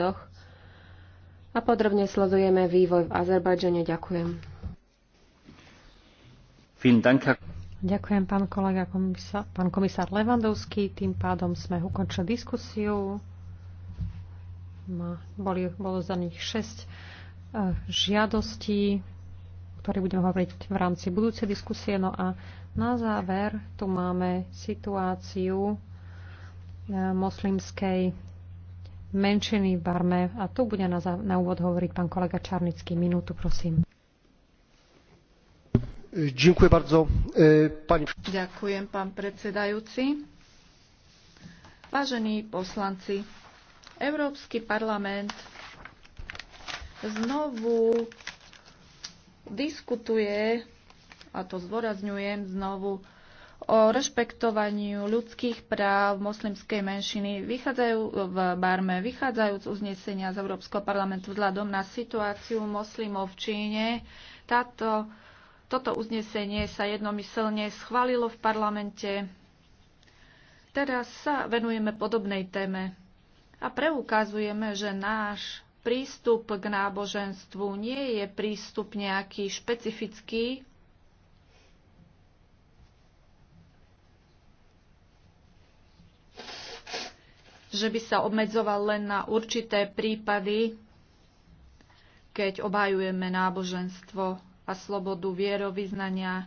doch. a podrobne sledujeme vývoj v Azerbajdžane. Ďakujem. Ďakujem, pán kolega, komisár, pán komisár Levandovský. Tým pádom sme ukončili diskusiu. Boli, bolo za nich 6 žiadostí, ktoré budeme hovoriť v rámci budúcej diskusie. No a na záver tu máme situáciu eh, moslimskej menšiny v Barme. A tu bude na, na úvod hovoriť pán kolega Čarnický. Minútu, prosím. Ďakujem bardzo. E, pani... Ďakujem, pán predsedajúci. Vážení poslanci, Európsky parlament znovu diskutuje, a to zdôrazňujem znovu, o rešpektovaniu ľudských práv moslimskej menšiny vychádzajú v Barme, vychádzajúc z uznesenia z Európskeho parlamentu vzhľadom na situáciu moslimov v Číne. Táto, toto uznesenie sa jednomyselne schválilo v parlamente. Teraz sa venujeme podobnej téme a preukazujeme, že náš prístup k náboženstvu nie je prístup nejaký špecifický, že by sa obmedzoval len na určité prípady, keď obhajujeme náboženstvo a slobodu vierovýznania.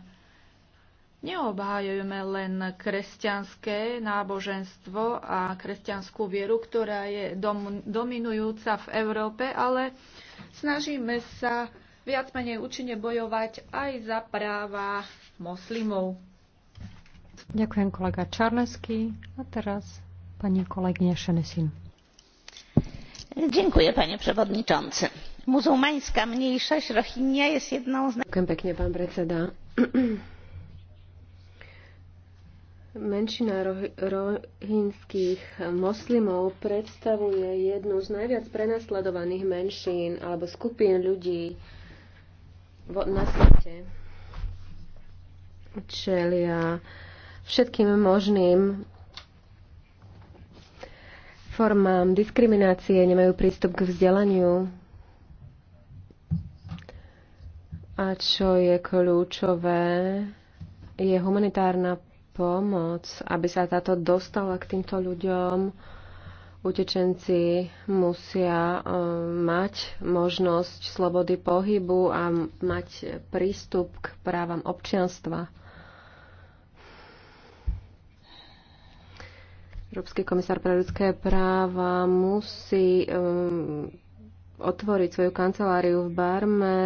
Neobhajujeme len kresťanské náboženstvo a kresťanskú vieru, ktorá je dom- dominujúca v Európe, ale snažíme sa viac menej účinne bojovať aj za práva moslimov. Ďakujem kolega Čarnesky. A teraz Pani kolegyňa Muzułmańska mniejszość Rohingya jest jedną z... Menšina rohinských moslimov predstavuje jednu z najviac prenasledovaných menšín alebo skupín ľudí na svete. Čelia všetkým možným formám diskriminácie, nemajú prístup k vzdelaniu. A čo je kľúčové, je humanitárna pomoc, aby sa táto dostala k týmto ľuďom. Utečenci musia e, mať možnosť slobody pohybu a mať prístup k právam občianstva. Európsky komisár pre ľudské práva musí um, otvoriť svoju kanceláriu v Barme.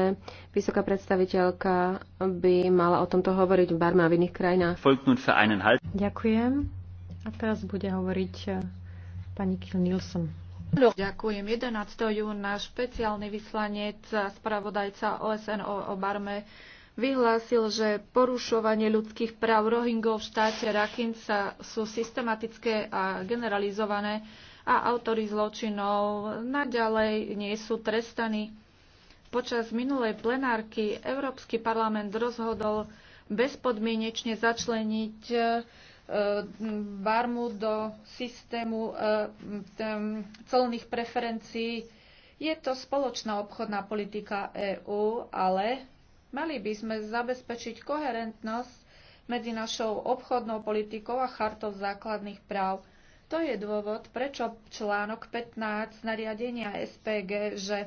Vysoká predstaviteľka by mala o tomto hovoriť v Barme a v iných krajinách. Ďakujem. A teraz bude hovoriť eh, pani Kiel Nielsen. Ďakujem. 11. júna špeciálny vyslanec spravodajca OSN o, o Barme vyhlásil, že porušovanie ľudských práv Rohingov v štáte Rakinca sú systematické a generalizované a autory zločinov naďalej nie sú trestaní. Počas minulej plenárky Európsky parlament rozhodol bezpodmienečne začleniť e, Barmu do systému e, colných preferencií. Je to spoločná obchodná politika EÚ, ale Mali by sme zabezpečiť koherentnosť medzi našou obchodnou politikou a chartou základných práv. To je dôvod, prečo článok 15 nariadenia SPG, že e,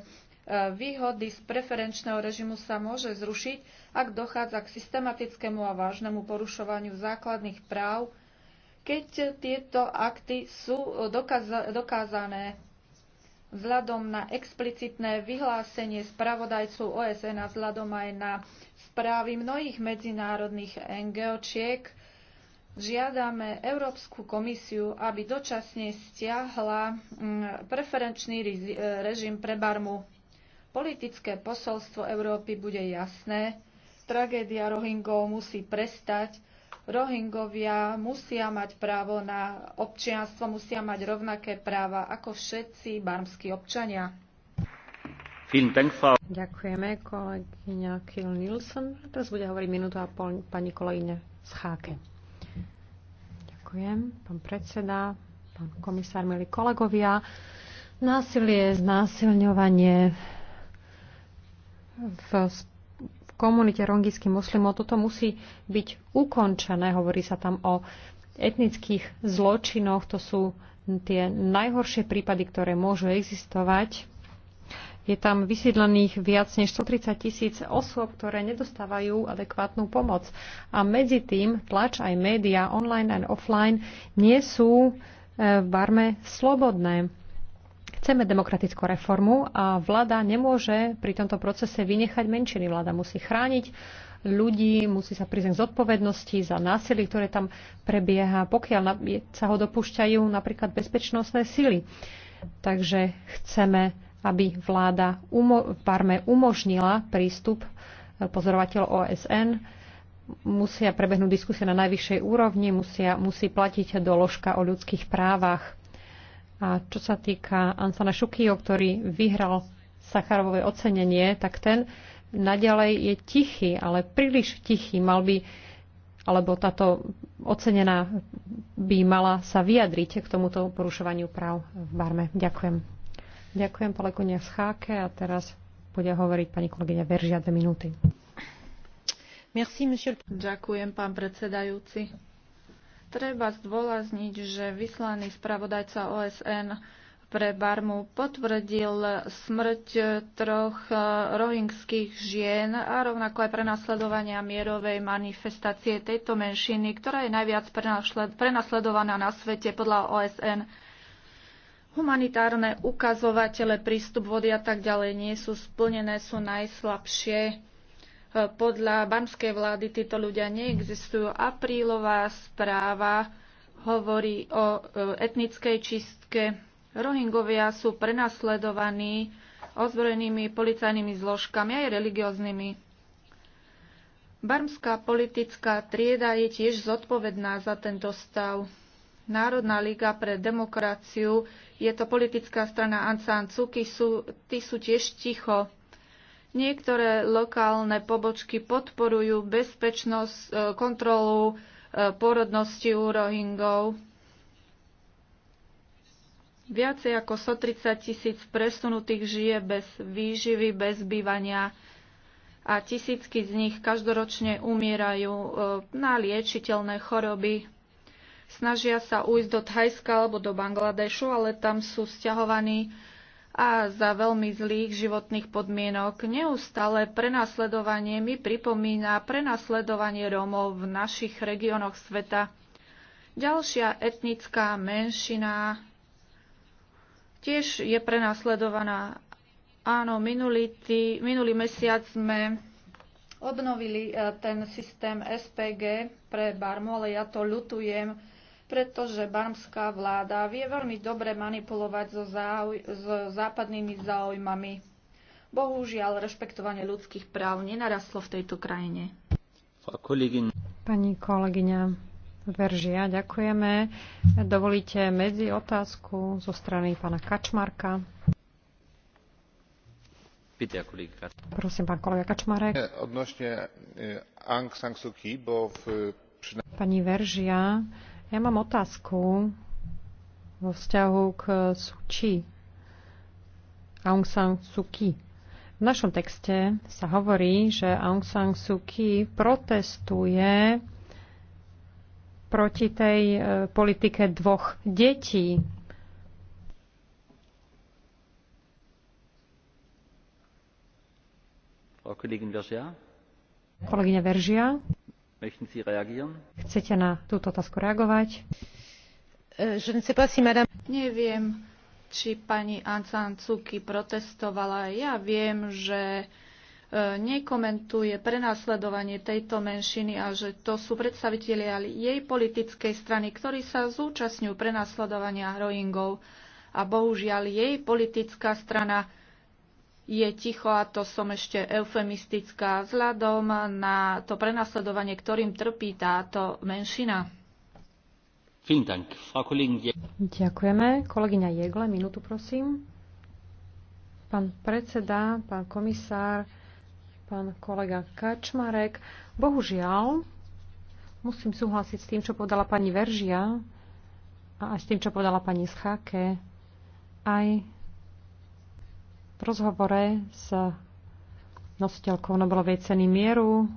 výhody z preferenčného režimu sa môže zrušiť, ak dochádza k systematickému a vážnemu porušovaniu základných práv, keď tieto akty sú dokázané vzhľadom na explicitné vyhlásenie spravodajcu OSN a vzhľadom aj na správy mnohých medzinárodných NGOčiek, žiadame Európsku komisiu, aby dočasne stiahla mm, preferenčný e, režim pre Barmu. Politické posolstvo Európy bude jasné. Tragédia Rohingov musí prestať Rohingovia musia mať právo na občianstvo, musia mať rovnaké práva ako všetci barmskí občania. Ďakujeme, kolegyňa Kill Nilsson. Teraz bude hovoriť minútu a pol pani kolegyňa Scháke. Ďakujem, pán predseda, pán komisár, milí kolegovia. Násilie, znásilňovanie v komunite rongijských muslimov. Toto musí byť ukončené. Hovorí sa tam o etnických zločinoch. To sú tie najhoršie prípady, ktoré môžu existovať. Je tam vysídlených viac než 130 tisíc osôb, ktoré nedostávajú adekvátnu pomoc. A medzi tým tlač aj média online and offline nie sú e, v Barme slobodné. Chceme demokratickú reformu a vláda nemôže pri tomto procese vynechať menšiny. Vláda musí chrániť ľudí, musí sa priznať zodpovednosti za násilie, ktoré tam prebieha, pokiaľ sa ho dopúšťajú napríklad bezpečnostné sily. Takže chceme, aby vláda v Barme umožnila prístup e, pozorovateľov OSN, musia prebehnúť diskusie na najvyššej úrovni, musia, musí platiť doložka o ľudských právach. A čo sa týka Ansana Šukio, ktorý vyhral Sacharovové ocenenie, tak ten naďalej je tichý, ale príliš tichý. Mal by, alebo táto ocenená by mala sa vyjadriť k tomuto porušovaniu práv v Barme. Ďakujem. Ďakujem kolegyňa Scháke a teraz bude hovoriť pani kolegyňa Veržia dve minúty. Merci, monsieur... Ďakujem, pán predsedajúci. Treba zdôrazniť, že vyslaný spravodajca OSN pre Barmu potvrdil smrť troch eh, rohingských žien a rovnako aj prenasledovania mierovej manifestácie tejto menšiny, ktorá je najviac prenasledovaná na svete podľa OSN. Humanitárne ukazovatele, prístup vody a tak ďalej nie sú splnené, sú najslabšie podľa banskej vlády títo ľudia neexistujú. Aprílová správa hovorí o e, etnickej čistke. Rohingovia sú prenasledovaní ozbrojenými policajnými zložkami aj religióznymi. Barmská politická trieda je tiež zodpovedná za tento stav. Národná liga pre demokraciu, je to politická strana Ansan Cuky, sú, tí sú tiež ticho. Niektoré lokálne pobočky podporujú bezpečnosť, e, kontrolu e, porodnosti u Rohingov. Viacej ako 130 tisíc presunutých žije bez výživy, bez bývania a tisícky z nich každoročne umierajú e, na liečiteľné choroby. Snažia sa ujsť do Thajska alebo do Bangladešu, ale tam sú stiahovaní a za veľmi zlých životných podmienok. Neustále prenasledovanie mi pripomína prenasledovanie Rómov v našich regiónoch sveta. Ďalšia etnická menšina tiež je prenasledovaná. Áno, minulý, tý, minulý mesiac sme obnovili eh, ten systém SPG pre Barmu, ale ja to ľutujem pretože barmská vláda vie veľmi dobre manipulovať so, záuj- so západnými záujmami. Bohužiaľ, rešpektovanie ľudských práv nenarastlo v tejto krajine. Pani kolegyňa Veržia, ďakujeme. Dovolíte medzi otázku zo strany pána Kačmarka. Prosím, pán kolega Kačmarek. Eh, eh, Aung San Suu Kyi, v... Pani Veržia, ja mám otázku vo vzťahu k Suči. Aung San Suu Kyi. V našom texte sa hovorí, že Aung San Suu Kyi protestuje proti tej e, politike dvoch detí. Kolegyňa Veržia. Chcete na túto otázku reagovať? E, Neviem, či pani Ansan Cuki protestovala. Ja viem, že e, nekomentuje prenasledovanie tejto menšiny a že to sú predstavitelia jej politickej strany, ktorí sa zúčastňujú prenasledovania Rohingov. A bohužiaľ jej politická strana je ticho a to som ešte eufemistická vzhľadom na to prenasledovanie, ktorým trpí táto menšina. Ďakujeme. Kolegyňa Jegle, minútu prosím. Pán predseda, pán komisár, pán kolega Kačmarek, bohužiaľ musím súhlasiť s tým, čo povedala pani Veržia a aj s tým, čo povedala pani Schake. Aj v rozhovore s nositeľkou Nobelovej ceny mieru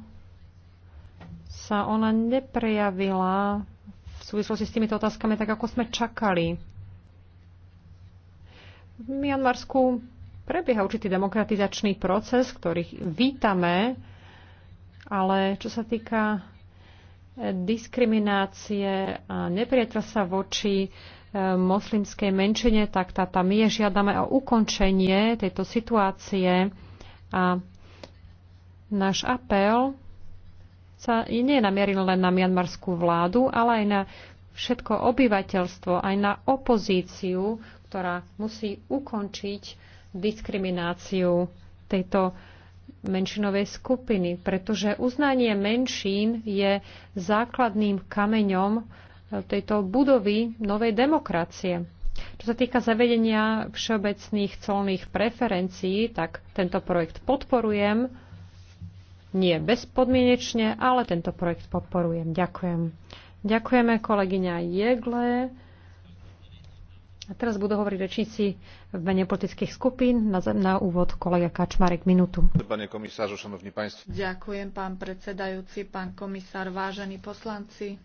sa ona neprejavila v súvislosti s týmito otázkami tak, ako sme čakali. V Mianmarsku prebieha určitý demokratizačný proces, ktorých vítame, ale čo sa týka diskriminácie a nepriateľstva voči E, moslimskej menšine, tak tá tam je. Žiadame o ukončenie tejto situácie a náš apel sa nie je namieril len na mianmarskú vládu, ale aj na všetko obyvateľstvo, aj na opozíciu, ktorá musí ukončiť diskrimináciu tejto menšinovej skupiny, pretože uznanie menšín je základným kameňom tejto budovy novej demokracie. Čo sa týka zavedenia všeobecných colných preferencií, tak tento projekt podporujem. Nie bezpodmienečne, ale tento projekt podporujem. Ďakujem. Ďakujeme kolegyňa Jegle. A teraz budú hovoriť rečníci v mene politických skupín. Na, na úvod kolega Kačmarek minútu. Pane šanovní Ďakujem, pán predsedajúci, pán komisár, vážení poslanci.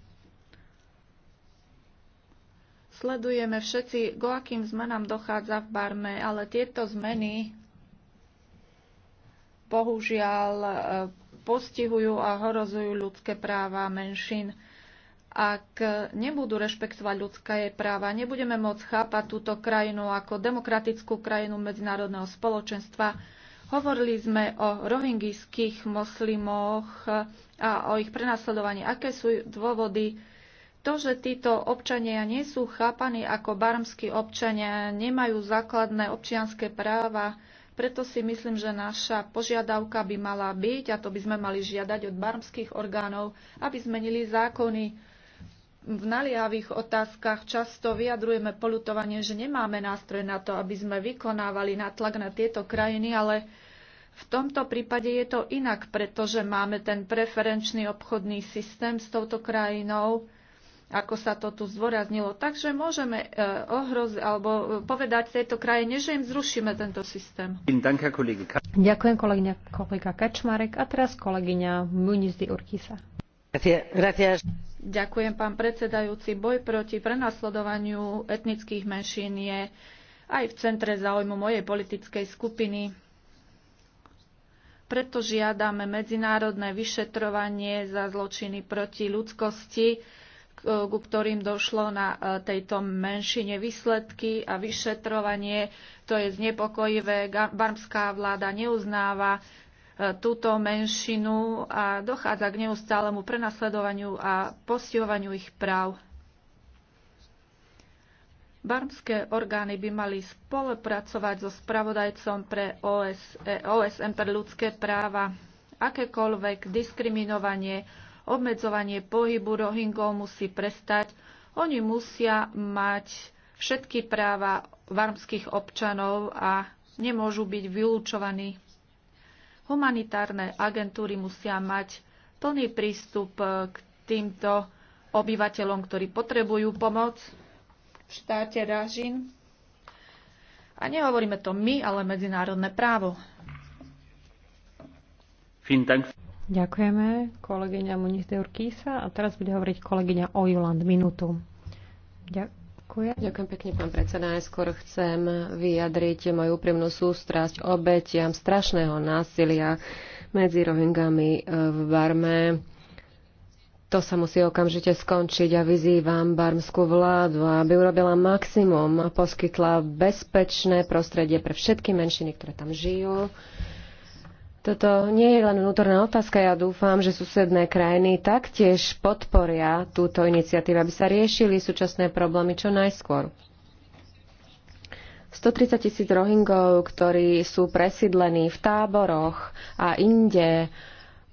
Sledujeme všetci, go akým zmenám dochádza v Barme, ale tieto zmeny bohužiaľ e, postihujú a horozujú ľudské práva menšín. Ak nebudú rešpektovať ľudské práva, nebudeme môcť chápať túto krajinu ako demokratickú krajinu medzinárodného spoločenstva. Hovorili sme o rohingijských moslimoch a o ich prenasledovaní. Aké sú dôvody to, že títo občania nie sú chápaní ako barmskí občania, nemajú základné občianské práva, preto si myslím, že naša požiadavka by mala byť, a to by sme mali žiadať od barmských orgánov, aby zmenili zákony, v naliavých otázkach často vyjadrujeme polutovanie, že nemáme nástroj na to, aby sme vykonávali natlak na tieto krajiny, ale v tomto prípade je to inak, pretože máme ten preferenčný obchodný systém s touto krajinou ako sa to tu zdôraznilo. Takže môžeme e, ohroziť alebo e, povedať tejto krajine, že im zrušíme tento systém. Ďakujem kolegyňa kolega Kačmarek a teraz kolegyňa Munizdy Urkisa. Ďakujem, pán predsedajúci. Boj proti prenasledovaniu etnických menšín je aj v centre záujmu mojej politickej skupiny. Preto žiadame medzinárodné vyšetrovanie za zločiny proti ľudskosti, ku ktorým došlo na e, tejto menšine výsledky a vyšetrovanie. To je znepokojivé. Barmská vláda neuznáva e, túto menšinu a dochádza k neustálemu prenasledovaniu a postihovaniu ich práv. Barmské orgány by mali spolupracovať so spravodajcom pre OS, e, OSN pre ľudské práva. Akékoľvek diskriminovanie Obmedzovanie pohybu Rohingov musí prestať. Oni musia mať všetky práva varmských občanov a nemôžu byť vylúčovaní. Humanitárne agentúry musia mať plný prístup k týmto obyvateľom, ktorí potrebujú pomoc v štáte Ražin. A nehovoríme to my, ale medzinárodné právo. Vielen Dank. Ďakujeme kolegyňa Muniz Deurkísa a teraz bude hovoriť kolegyňa Ojuland minútu. Ďakujem. Ďakujem pekne, pán predseda. Najskôr chcem vyjadriť moju úprimnú sústrasť obetiam strašného násilia medzi Rohingami eh, v Barme. To sa musí okamžite skončiť a vyzývam barmskú vládu, aby urobila maximum a poskytla bezpečné prostredie pre všetky menšiny, ktoré tam žijú toto nie je len vnútorná otázka. Ja dúfam, že susedné krajiny taktiež podporia túto iniciatívu, aby sa riešili súčasné problémy čo najskôr. 130 tisíc rohingov, ktorí sú presídlení v táboroch a inde,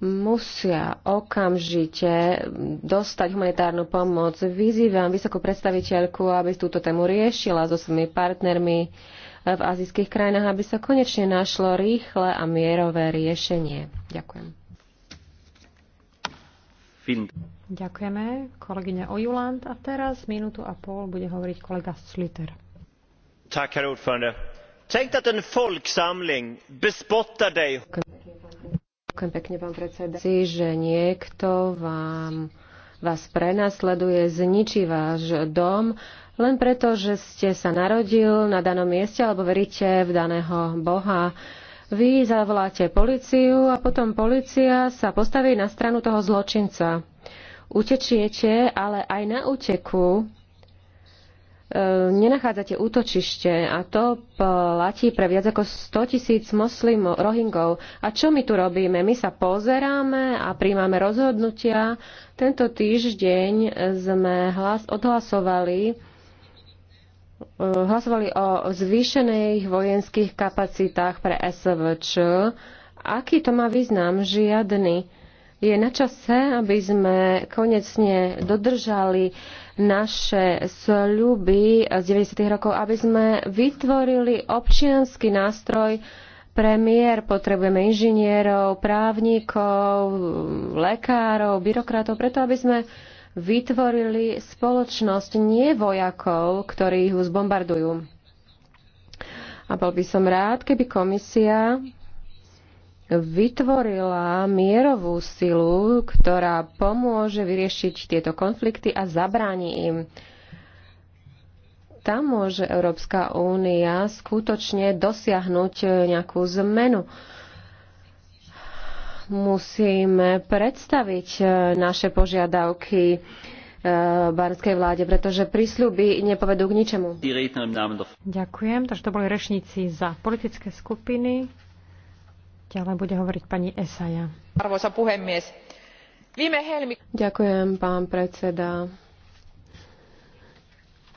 musia okamžite dostať humanitárnu pomoc. Vyzývam vysokú predstaviteľku, aby túto tému riešila so svojimi partnermi v azijských krajinách, aby sa konečne našlo rýchle a mierové riešenie. Ďakujem. Fin. Ďakujeme, kolegyňa Ojuland. A teraz minútu a pol bude hovoriť kolega Sliter. Tak, herr ordförande. Tänk att en folksamling bespottar dig. Ďakujem pekne, pán predseda. Si, že niekto vám vás prenasleduje, zničí váš dom, len preto, že ste sa narodil na danom mieste alebo veríte v daného Boha. Vy zavoláte policiu a potom policia sa postaví na stranu toho zločinca. Utečiete, ale aj na uteku E, nenachádzate útočište a to platí pre viac ako 100 tisíc moslimov, rohingov. A čo my tu robíme? My sa pozeráme a príjmame rozhodnutia. Tento týždeň sme hlas, odhlasovali e, hlasovali o zvýšených vojenských kapacitách pre SVČ. Aký to má význam? Žiadny je na čase, aby sme konečne dodržali naše sľuby z 90. rokov, aby sme vytvorili občianský nástroj mier. potrebujeme inžinierov, právnikov, lekárov, byrokratov, preto aby sme vytvorili spoločnosť nie vojakov, ktorí ju zbombardujú. A bol by som rád, keby komisia vytvorila mierovú silu, ktorá pomôže vyriešiť tieto konflikty a zabráni im. Tam môže Európska únia skutočne dosiahnuť nejakú zmenu. Musíme predstaviť naše požiadavky eh, barskej vláde, pretože prísľuby nepovedú k ničemu. Ďakujem, takže to boli rešníci za politické skupiny. Ďalej bude hovoriť pani Esaja. Arvoisa puhemies. Viime helmi... Ďakujem, pán predseda.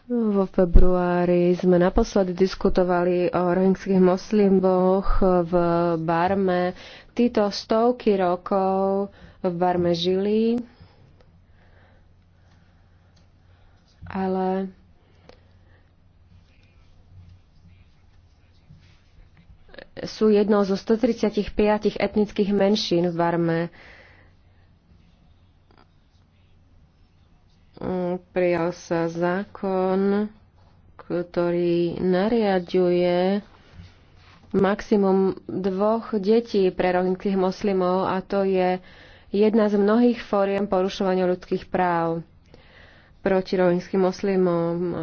Vo februári sme naposledy diskutovali o rohingských moslimoch v Barme. Títo stovky rokov v Barme žili, ale sú jednou zo 135 etnických menšín v Barme. Mm, prijal sa zákon, ktorý nariaduje maximum dvoch detí pre rohinkých moslimov a to je jedna z mnohých fóriem porušovania ľudských práv proti rohinským moslimom. Ehm,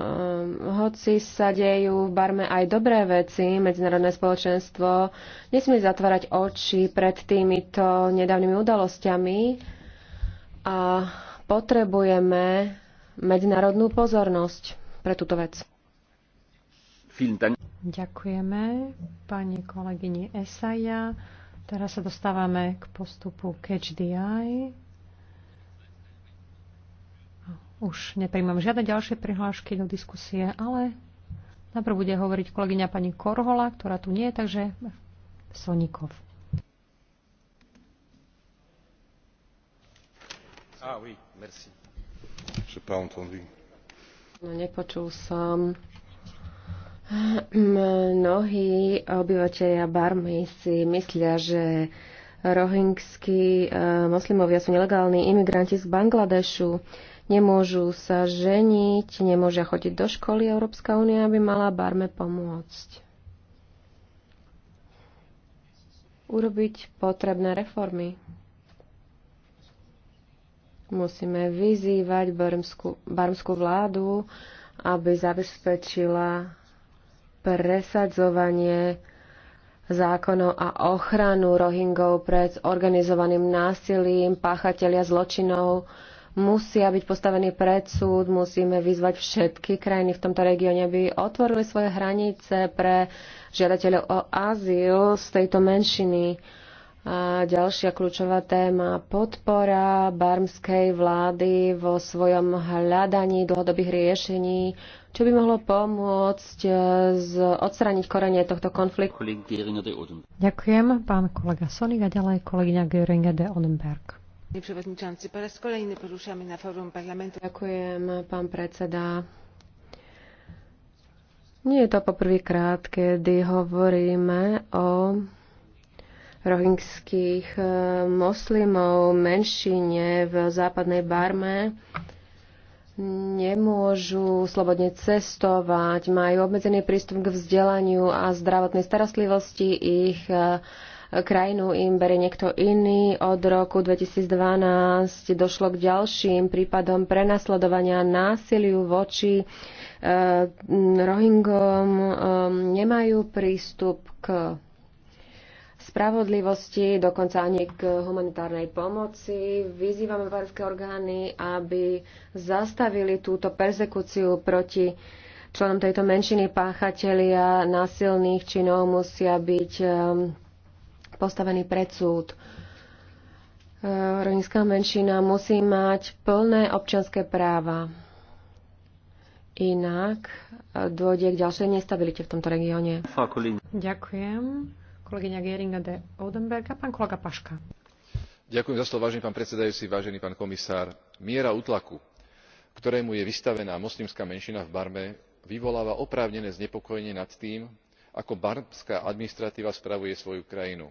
hoci sa dejú v Barme aj dobré veci, medzinárodné spoločenstvo nesmie zatvárať oči pred týmito nedávnymi udalosťami a potrebujeme medzinárodnú pozornosť pre túto vec. Ďakujeme pani kolegyni Esaja. Teraz sa dostávame k postupu Catch the Eye. Už nepríjmam žiadne ďalšie prihlášky do diskusie, ale najprv bude hovoriť kolegyňa pani Korhola, ktorá tu nie je, takže Sonikov. Ah, oui, merci. Je pas entendu. No, nepočul som. Mnohí obyvateľia Barmy si myslia, že rohingskí eh, moslimovia sú nelegálni imigranti z Bangladešu nemôžu sa ženiť, nemôžia chodiť do školy. Európska únia by mala Barme pomôcť. Urobiť potrebné reformy. Musíme vyzývať barmskú, barmskú vládu, aby zabezpečila presadzovanie zákonov a ochranu Rohingov pred organizovaným násilím, páchatelia zločinov, musia byť postavený pred súd, musíme vyzvať všetky krajiny v tomto regióne, aby otvorili svoje hranice pre žiadateľov o azyl z tejto menšiny. A ďalšia kľúčová téma podpora barmskej vlády vo svojom hľadaní dlhodobých riešení, čo by mohlo pomôcť e, z, odstraniť korenie tohto konfliktu. Ďakujem, pán kolega Sonik a ďalej kolegyňa Göringe de Odenberg. Ďakujem, predseda. Nie je to poprvýkrát, kedy hovoríme o rohingských eh, moslimov menšine v západnej Barme. Nemôžu slobodne cestovať, majú obmedzený prístup k vzdelaniu a zdravotnej starostlivosti. Ich eh, krajinu im bere niekto iný. Od roku 2012 došlo k ďalším prípadom prenasledovania násiliu voči e, Rohingom. E, nemajú prístup k spravodlivosti, dokonca ani k humanitárnej pomoci. Vyzývame varské orgány, aby zastavili túto persekúciu proti členom tejto menšiny páchatelia násilných činov musia byť e, postavený pred súd. E, Rohingyská menšina musí mať plné občanské práva. Inak e, dôjde k ďalšej nestabilite v tomto regióne. Ďakujem. Kolegyňa Geringa de Odenberg a pán kolega Paška. Ďakujem za slovo, vážený pán predsedajúci, vážený pán komisár. Miera útlaku, ktorému je vystavená moslimská menšina v Barme, vyvoláva oprávnené znepokojenie nad tým, ako barmská administratíva spravuje svoju krajinu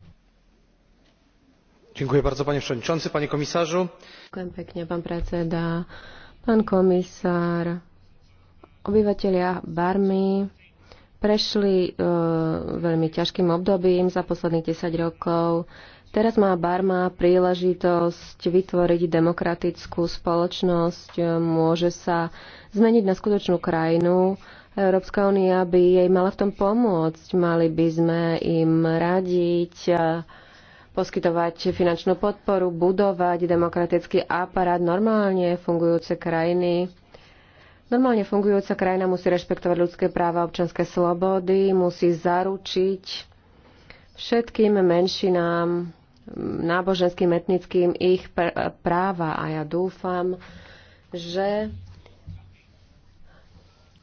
pani przewodniczący! panie komisarzu! pán komisár obyvatelia barmy prešli e, veľmi ťažkým obdobím za posledných 10 rokov. Teraz má Barma príležitosť vytvoriť demokratickú spoločnosť, môže sa zmeniť na skutočnú krajinu. Európska únia by jej mala v tom pomôcť, mali by sme im radiť. E, poskytovať finančnú podporu, budovať demokratický aparát, normálne fungujúce krajiny. Normálne fungujúca krajina musí rešpektovať ľudské práva, a občanské slobody, musí zaručiť všetkým menšinám, náboženským, etnickým ich pr- práva. A ja dúfam, že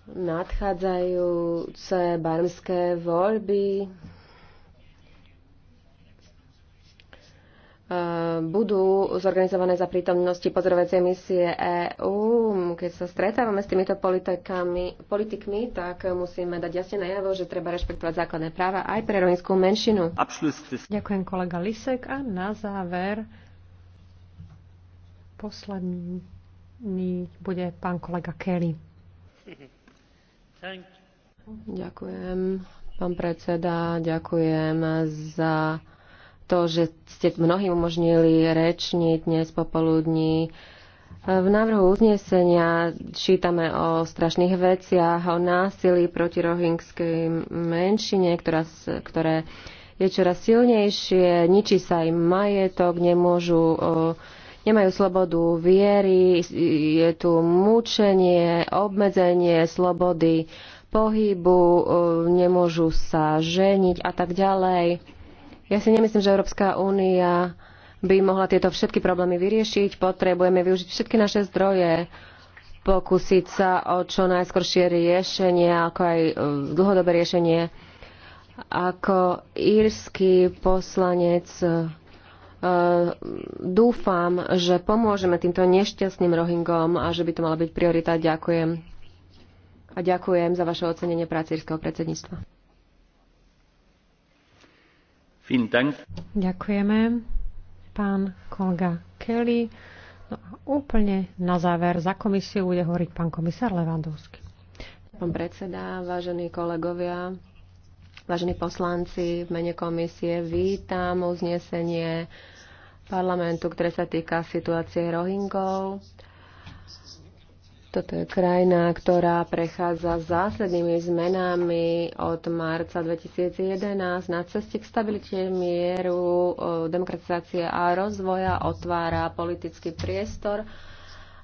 nadchádzajúce barmské voľby budú zorganizované za prítomnosti pozorovacej misie EÚ. Keď sa stretávame s týmito politikmi, tak musíme dať jasne najavo, že treba rešpektovať základné práva aj pre rovinskú menšinu. Ďakujem kolega Lisek a na záver posledný bude pán kolega Kelly. Ďakujem, pán predseda, ďakujem za to, že ste mnohým umožnili rečniť dnes popoludní. V návrhu uznesenia čítame o strašných veciach, o násilí proti rohingskej menšine, ktorá, ktoré je čoraz silnejšie, ničí sa im majetok, nemôžu, nemajú slobodu viery, je tu mučenie, obmedzenie slobody pohybu, nemôžu sa ženiť a tak ďalej ja si nemyslím, že Európska únia by mohla tieto všetky problémy vyriešiť. Potrebujeme využiť všetky naše zdroje, pokúsiť sa o čo najskoršie riešenie, ako aj e, dlhodobé riešenie. Ako írsky poslanec e, dúfam, že pomôžeme týmto nešťastným Rohingom a že by to mala byť priorita. Ďakujem. A ďakujem za vaše ocenenie práce írskeho predsedníctva. Ďakujeme, pán kolega Kelly. No a úplne na záver za komisiu bude hovoriť pán komisár Levandovský. Pán predseda, vážení kolegovia, vážení poslanci, v mene komisie vítam uznesenie parlamentu, ktoré sa týka situácie Rohingov. Toto je krajina, ktorá prechádza zásadnými zmenami od marca 2011 na ceste k stabilite mieru, demokratizácie a rozvoja, otvára politický priestor.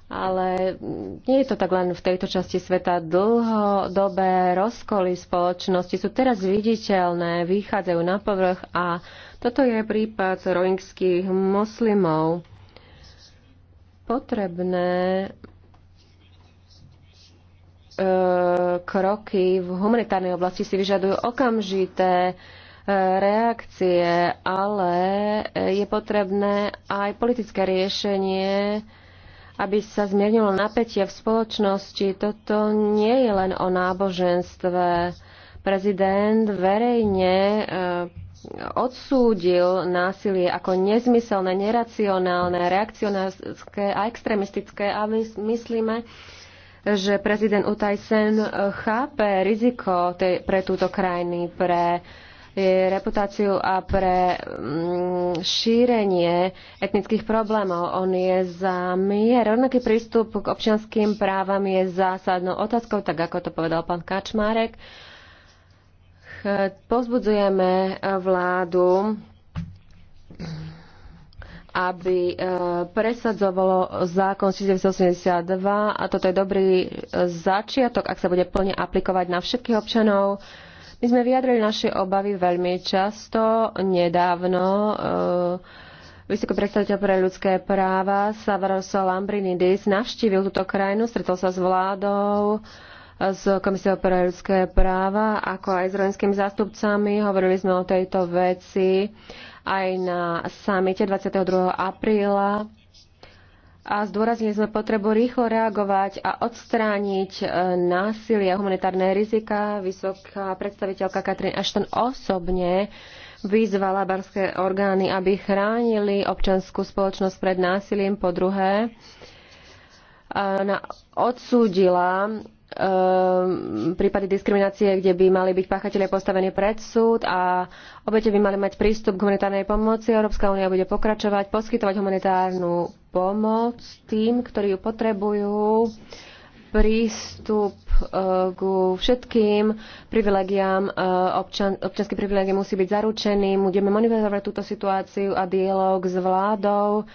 Ale nie je to tak len v tejto časti sveta. Dlhodobé rozkoly spoločnosti sú teraz viditeľné, vychádzajú na povrch a toto je prípad rohingských moslimov. Potrebné E, kroky v humanitárnej oblasti si vyžadujú okamžité e, reakcie, ale je potrebné aj politické riešenie, aby sa zmiernilo napätie v spoločnosti. Toto nie je len o náboženstve. Prezident verejne e, odsúdil násilie ako nezmyselné, neracionálne, reakcionárske a extremistické a my myslíme, že prezident Utajsen chápe riziko tej, pre túto krajiny, pre reputáciu a pre mm, šírenie etnických problémov. On je za mier. Rovnaký prístup k občianským právam je zásadnou otázkou, tak ako to povedal pán Kačmárek. Pozbudzujeme vládu aby e, presadzovalo zákon 1982 a toto je dobrý e, začiatok, ak sa bude plne aplikovať na všetkých občanov. My sme vyjadrili naše obavy veľmi často, nedávno. E, Vysoký predstaviteľ pre ľudské práva Savaroso Lambrinidis navštívil túto krajinu, stretol sa s vládou s Komisiou pre ľudské práva, ako aj s rojenskými zástupcami. Hovorili sme o tejto veci aj na samite 22. apríla. A zdôraznili sme potrebu rýchlo reagovať a odstrániť e, násilie a humanitárne rizika. Vysoká predstaviteľka Katrin Ashton osobne vyzvala barské orgány, aby chránili občanskú spoločnosť pred násilím. Po druhé, e, odsúdila Ehm, prípady diskriminácie, kde by mali byť páchatelia postavení pred súd a obete by mali mať prístup k humanitárnej pomoci. Európska únia bude pokračovať, poskytovať humanitárnu pomoc tým, ktorí ju potrebujú, prístup e, ku všetkým privilegiám, e, občan, občanské privilegie musí byť zaručený. Budeme monitorovať túto situáciu a dialog s vládou.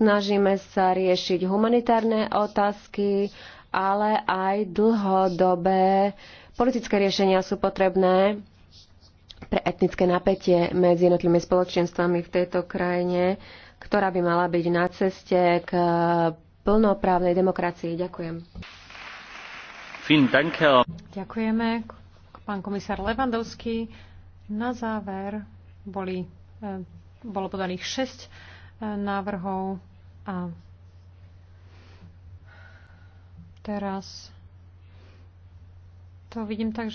Snažíme sa riešiť humanitárne otázky ale aj dlhodobé politické riešenia sú potrebné pre etnické napätie medzi jednotlivými spoločenstvami v tejto krajine, ktorá by mala byť na ceste k plnoprávnej demokracii. Ďakujem. Ďakujeme. Pán komisár Levandovský, na záver boli, eh, bolo podaných 6 eh, návrhov a Teraz to vidím tak,